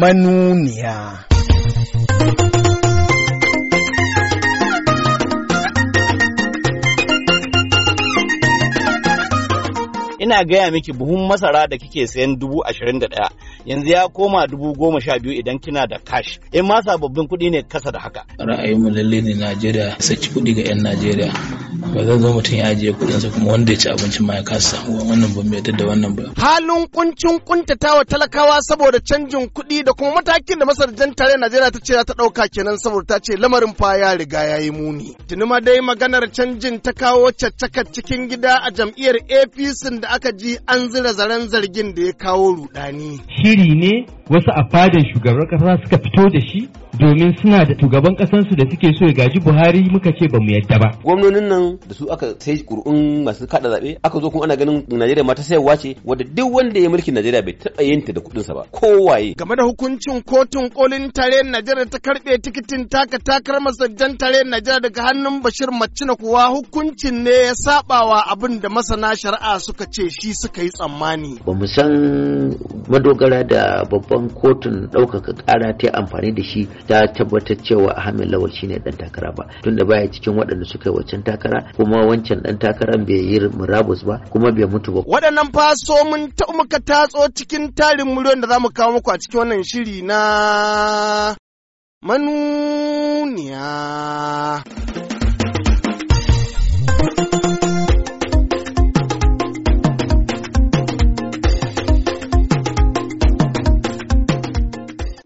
manuniya. ina gaya miki buhun masara da kike sayan dubu ashirin da ɗaya yanzu ya koma dubu goma sha biyu idan kina da cash in ma sababbin kuɗi ne kasa da haka. ra'ayinmu lalle ne najeriya saci kuɗi ga 'yan najeriya ba zan zo mutum ya ajiye kuɗinsa kuma wanda ya ci abincin ma ya kasa samu wannan ban mai da wannan ba. halin kuncin kuntatawa talakawa saboda canjin kuɗi da kuma matakin da masar jan tare najeriya ta ce ta ɗauka kenan saboda ta ce lamarin fa ya riga ya yi muni tuni ma dai maganar canjin ta kawo caccakar cikin gida a jam'iyyar apc da aka ji an zira zaren zargin da ya kawo rudani shiri ne wasu a fadin shugaban kasa suka fito da shi domin suna da shugaban kasansu da suke so ya gaji Buhari muka ce bamu yadda ba. Gwamnonin nan da su aka sai kur'un masu kada zabe aka zo kuma ana ganin Najeriya ma ta sayarwa ce wadda duk wanda ya mulki Najeriya bai taɓa yinta da kuɗinsa ba kowaye. Game da hukuncin kotun kolin tare Najeriya ta karɓe tikitin taka takar masajjan tare Najeriya daga hannun Bashir Macina kuwa hukuncin ne ya sabawa abin da masana shari'a suka ce shi suka yi tsammani. Ba mu san madogara da babban kotun ɗaukaka ƙara ta amfani da shi ta tabbatar cewa Ahmed Lawal shine dan takara ba tunda baya cikin waɗanda suka yi wancan takara kuma wancan dan takaran bai yi murabus ba kuma bai mutu ba waɗannan faso mun ta muka tatso cikin tarin miliyon da zamu kawo muku a cikin wannan shiri na manuniya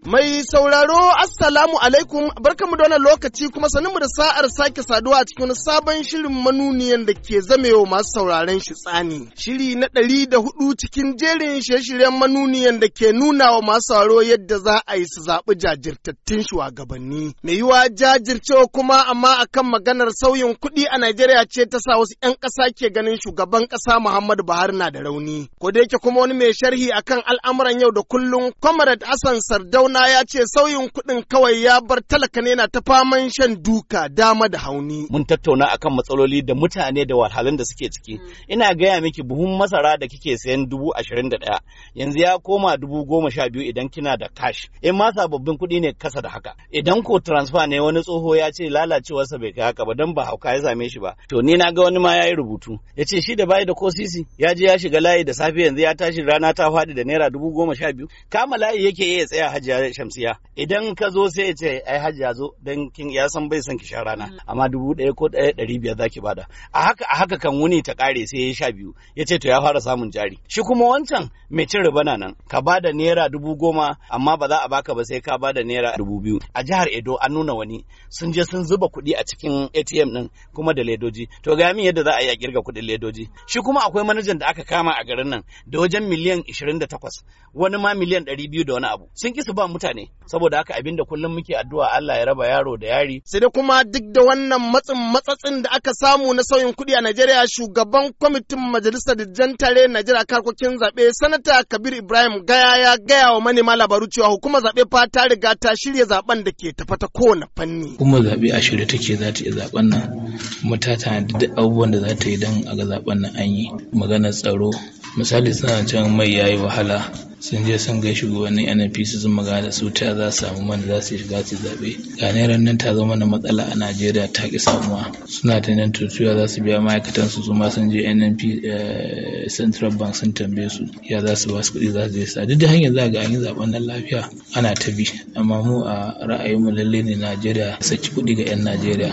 mai sauraro Assalamu alaikum barkamu da wannan lokaci kuma mu da sa'ar sake saduwa a cikin sabon shirin manuniyan da ke zamewa masu sauraren shi tsani. Shiri na ɗari da hudu cikin jerin shirye-shiryen manuniyan da ke nuna wa masu sauraro yadda za a yi su zaɓi jajirtattun shugabanni. Mai yiwa jajircewa kuma amma akan maganar sauyin kuɗi a Najeriya ce ta sa wasu 'yan ƙasa ke ganin shugaban ƙasa Muhammadu Buhari na da rauni. Ko da yake kuma wani mai sharhi akan al'amuran yau da kullum Comrade Hassan Sardauna ya ce sauyin kuɗin kawai ya bar talaka ne na ta faman shan duka dama da hauni. Mun tattauna akan matsaloli da mutane da wahalhalun da suke ciki. Hmm. Ina gaya miki buhun masara da kike sayan dubu ashirin da ɗaya yanzu ya koma dubu goma sha biyu idan kina da cash. In eh, ma sababbin kuɗi ne kasa da haka. Idan ko transfer ne wani tsoho ya ce lalacewarsa bai kai haka ba don ba hauka ya same shi ba. To ni na ga wani ma ya yi rubutu. Ya ce shi da bayi da ko sisi ya je ya shiga layi da safe yanzu ya tashi rana ta faɗi da naira dubu goma sha biyu. Kama layi yake iya tsaya hajiya shamsiya. Idan ka zo sai ya ce ai hajji ya zo don kin ya san bai san ki sha rana mm. amma dubu ɗaya ko ɗaya ɗari biyar zaki bada a haka a haka kan wuni ta ƙare sai ya sha biyu ya ce to ya fara samun jari shi kuma wancan mai cin riba nan ka bada naira dubu goma amma ba za a baka ba sai ka bada naira dubu biyu a jihar Edo an nuna wani sun je sun zuba kuɗi a cikin ATM ɗin kuma da ledoji to ga min yadda za a yi a kirga kuɗin ledoji shi kuma akwai manajan da aka kama a garin nan da wajen miliyan 28 wani ma miliyan biyu da wani abu sun ki su ba mutane saboda haka abin da. kullum muke addu'a Allah ya raba yaro da yari. Sai dai kuma duk da wannan matsin matsatsin da aka samu na sauyin kuɗi a Najeriya shugaban kwamitin majalisar dijjan tare Najeriya karkokin zaɓe sanata Kabir Ibrahim Gaya ya gaya wa manema labaru cewa hukumar zaɓe fa ta riga ta shirya zaben da ke tafa ta kowane fanni. Hukumar zaɓe a shirye take za ta iya zaben nan kuma ta tanadi abubuwan da za ta yi dan a ga zaben nan an yi maganar tsaro misali suna can mai yayi wahala sun je sun gai shugabannin NNPC sun magana da su ta za samu mana za su shiga su zaɓe. Ganiran nan ta zama na matsala a Najeriya ta ki samuwa. Suna ta nan tutuwa za su biya ma'aikatan su ma sun je NNP eh, Central Bank sun tambaye su ya za su ba su kuɗi za su je sa. Duk da hanyar za ga an yi zaɓen nan lafiya ana ta bi. Amma mu a ra'ayinmu lalle ne Najeriya saki kuɗi ga 'yan Najeriya.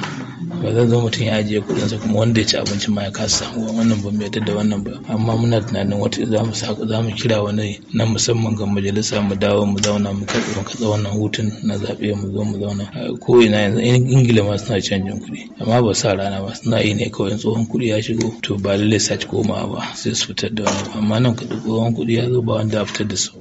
ba zan zo mutum ya ajiye kudin sa kuma wanda ya ci abinci ma ya kasa samuwa wannan ba mu da wannan ba amma muna tunanin wata za mu za mu kira wani na musamman ga majalisa mu dawo mu zauna mu karɓi mu katsa wannan hutun na zaɓe mu zo mu zauna ko ina yanzu ingila ma suna canjin kuɗi amma ba sa rana ba suna yi ne kawai tsohon kuɗi ya shigo to ba lallai sa ci ba sai su fitar da wani amma nan ka tsohon kuɗi ya zo ba wanda a fitar da su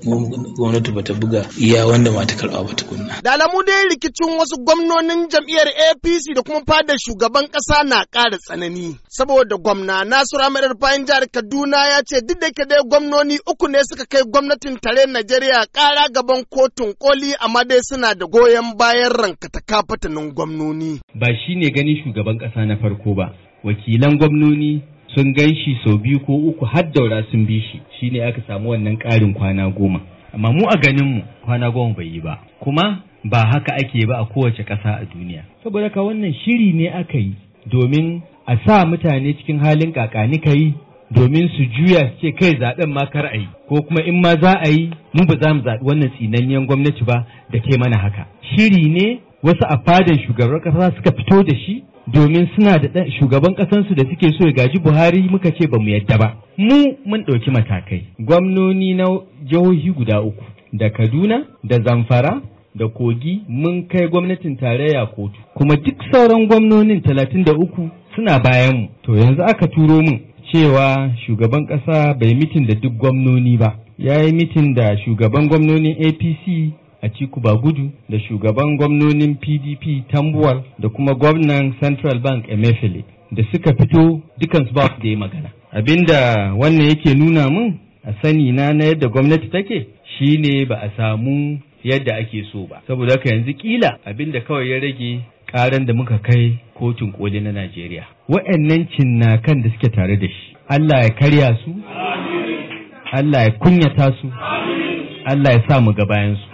gwamnati ba ta buga iya wanda ma ta karɓa ba tukunna. da dai rikicin wasu gwamnonin jam'iyyar apc da kuma fadar shugaban ƙasa na ƙara tsanani. Saboda gwamna Nasiru Amadar bayan jihar Kaduna ya ce duk da ke dai gwamnoni uku ne suka kai gwamnatin tare Najeriya ƙara gaban kotun koli amma dai suna da goyon bayan rankata kafatanin gwamnoni. Ba shi ne ganin shugaban ƙasa na farko ba, wakilan gwamnoni sun gan shi sau biyu ko uku har daura sun bi shi, shi ne aka samu wannan ƙarin kwana goma. Amma mu a ganinmu kwana goma bai yi ba, kuma ba haka ake ba a kowace ƙasa a duniya saboda ka wannan shiri ne aka yi domin a sa mutane cikin halin kakani yi domin su juya su ce kai zaɓen ma kar a yi ko kuma in ma za a yi mu ba za mu zaɓi wannan tsinanyen gwamnati ba da ke mana haka shiri ne wasu a fadar shugaban ƙasa suka fito da shi domin suna da shugaban ƙasansu da suke so ya gaji Buhari muka ce ba mu yadda ba mu mun ɗauki matakai gwamnoni na jihohi guda uku da Kaduna da Zamfara da kogi mun kai gwamnatin tarayya kotu kuma duk sauran gwamnonin talatin da uku suna bayan mu to yanzu aka turo min cewa shugaban ƙasa bai mitin da duk gwamnoni ba ya yi mitin da shugaban gwamnonin apc a cikuba gudu da shugaban gwamnonin pdp tambuwal da kuma gwamnan central bank emefele da suka fito dukansu ba su da yi magana abinda wannan yake nuna mun a sani na na yadda gwamnati take shine ba a samu yadda ake so ba saboda haka yanzu kila abin da kawai ya rage karan da muka kai kotun koli na Najeriya wa'annan kan da suke tare da shi Allah ya karya su Allah ya kunyata su Allah ya sa mu ga bayan su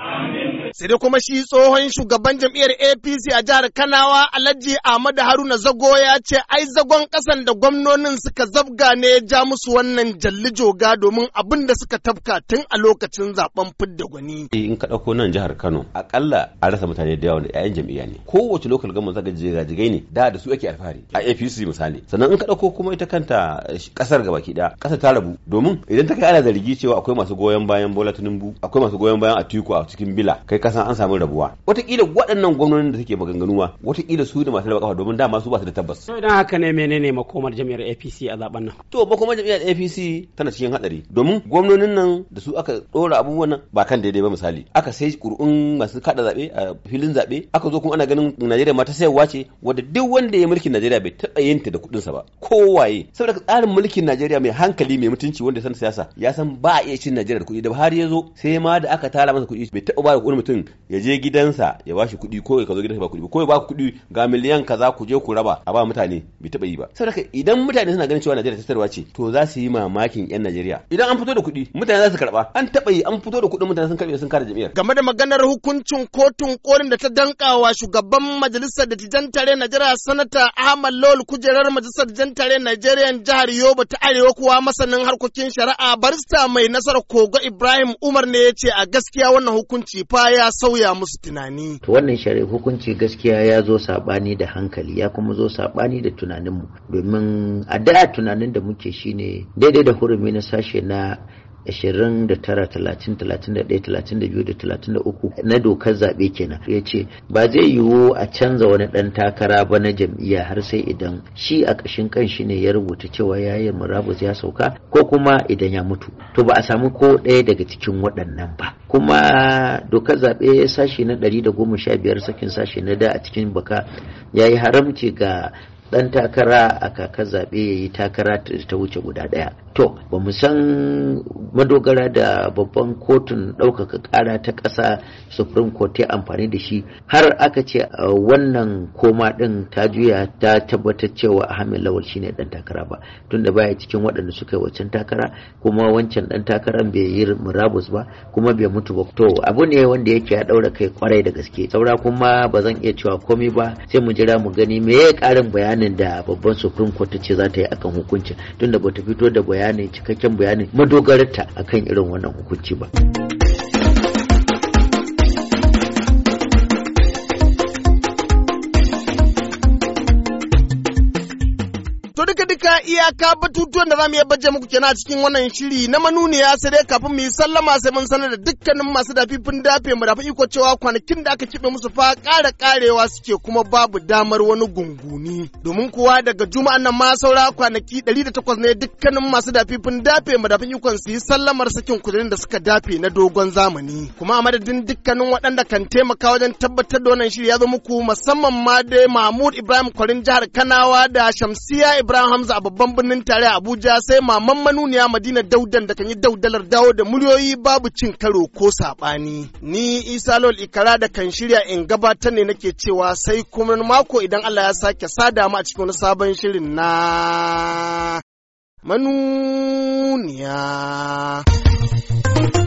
Sai dai kuma shi tsohon shugaban jam'iyyar APC a jihar Kanawa Alhaji Ahmadu Haruna Zago ya ce ai zagon kasan da gwamnonin suka zabga ne ya ja musu wannan jalli joga domin abin da suka tafka tun a lokacin zaben fidda gwani. Eh, in ka dauko nan jihar Kano akalla a rasa mutane da yawa da 'ya'yan jam'iyya ne kowace lokal gama zaga jigai ne da da su ake alfahari a APC misali sannan in ka dauko kuma ita kanta eh, ƙasar gabaki da kasar ta rabu domin idan ta kai ana zargi cewa akwai masu goyon bayan Bola Tinubu akwai masu goyon bayan Atiku a cikin bila kai kasan an samu rabuwa watakila waɗannan gwamnonin da suke maganganuwa watakila su da masu raba kafa domin dama su ba su da tabbas idan haka ne menene makomar jami'ar APC a zaben nan to makomar jami'ar APC tana cikin hadari domin gwamnonin nan da su aka dora abubuwan nan ba kan daidai ba misali aka sai kur'un masu kaɗa zabe a filin zabe aka zo kuma ana ganin Najeriya ma ta sayarwa ce wanda duk wanda ya mulkin Najeriya bai taɓa yinta da kuɗin sa ba kowaye saboda tsarin mulkin Najeriya mai hankali mai mutunci wanda ya san siyasa ya san ba a iya cin Najeriya da kuɗi da har ya zo sai ma da aka tara masa kuɗi bai taɓa ba da mutum mutum ya je gidansa ya ba shi kuɗi ko ya zo gidansa ba kuɗi ko ya ba ku kuɗi ga miliyan kaza ku je ku raba a ba mutane bai taɓa yi ba saboda idan mutane suna ganin cewa Najeriya tattarwa ce to za su yi mamakin yan Najeriya idan an fito da kuɗi mutane za su karɓa an taɓa yi an fito da kuɗin mutane sun karɓe sun kare jami'ar game da maganar hukuncin kotun korin da ta danka wa shugaban majalisar dattijan tare Najeriya sanata Ahmad Lawal kujerar majalisar dattijan tare Najeriya jihar Yobe ta Arewa kuwa masanin harkokin shari'a barista mai nasara Kogo Ibrahim Umar ne ya ce a gaskiya wannan hukunci fa ya sauya musu tunani. Wannan shari'a hukunci gaskiya ya zo saɓani da hankali ya kuma zo saɓani da tunaninmu domin a da tunanin da muke shine daidai da hurumi na sashe na biyu da talatin da uku na dokar zaɓe kenan ya ce ba zai yiwu a canza wani ɗan takara ba na jam'iyya har sai idan shi a ƙashin shi ne ya rubuta cewa ya yi murabus ya sauka ko kuma idan ya mutu to ba a samu ko ɗaya daga cikin waɗannan ba kuma dokar zaɓe sashi na 115 sakin sashi na da a cikin baka ya yi haramci ga dan takara a kakar zaɓe ya yi takara ta wuce guda ɗaya. To, ba mu san madogara da babban kotun ɗaukaka ƙara ta ƙasa Supreme Court ya amfani da shi har aka ce wannan koma ɗin ta juya ta tabbatar cewa Ahmed Lawal shine ɗan takara ba tunda baya cikin waɗanda suka yi wancan takara kuma wancan ɗan takaran bai yi murabus ba kuma bai mutu ba. To, abu ne wanda yake ya ɗaura kai kwarai da gaske. Saura kuma ba zan iya cewa komai ba sai mu jira mu gani me ya ƙarin bayani bayanin da babban supreme court ce za ta yi akan hukunci tunda bata fito da bayanin cikakken bayanin madogararta akan irin wannan hukunci ba. duka iyaka batutuwan da za mu iya baje muku kenan a cikin wannan shiri na manuniya sai dai kafin mu yi sallama sai mun sanar da dukkanin masu dafifin dafe mu dafa iko cewa kwanakin da aka kibe musu fa ƙara ƙarewa suke kuma babu damar wani gunguni domin kuwa daga juma'an nan ma saura kwanaki 108 ne dukkanin masu dafifin dafe mu dafa iko su yi sallamar sakin kudirin da suka dafe na dogon zamani kuma a madadin dukkanin waɗanda kan taimaka wajen tabbatar da wannan shiri ya zo muku musamman ma dai Mahmud Ibrahim Kwarin jihar Kanawa da Shamsiya Ibrahim hamza a babban birnin tare abuja sai maman manuniya madina daudan da kan yi daudalar dawo da muryoyi babu cin karo ko saɓani ni isa lol ikara da kan shirya in gabatar ne nake cewa sai kuma mako idan allah ya sake sada mu a cikin wani sabon shirin na manuniya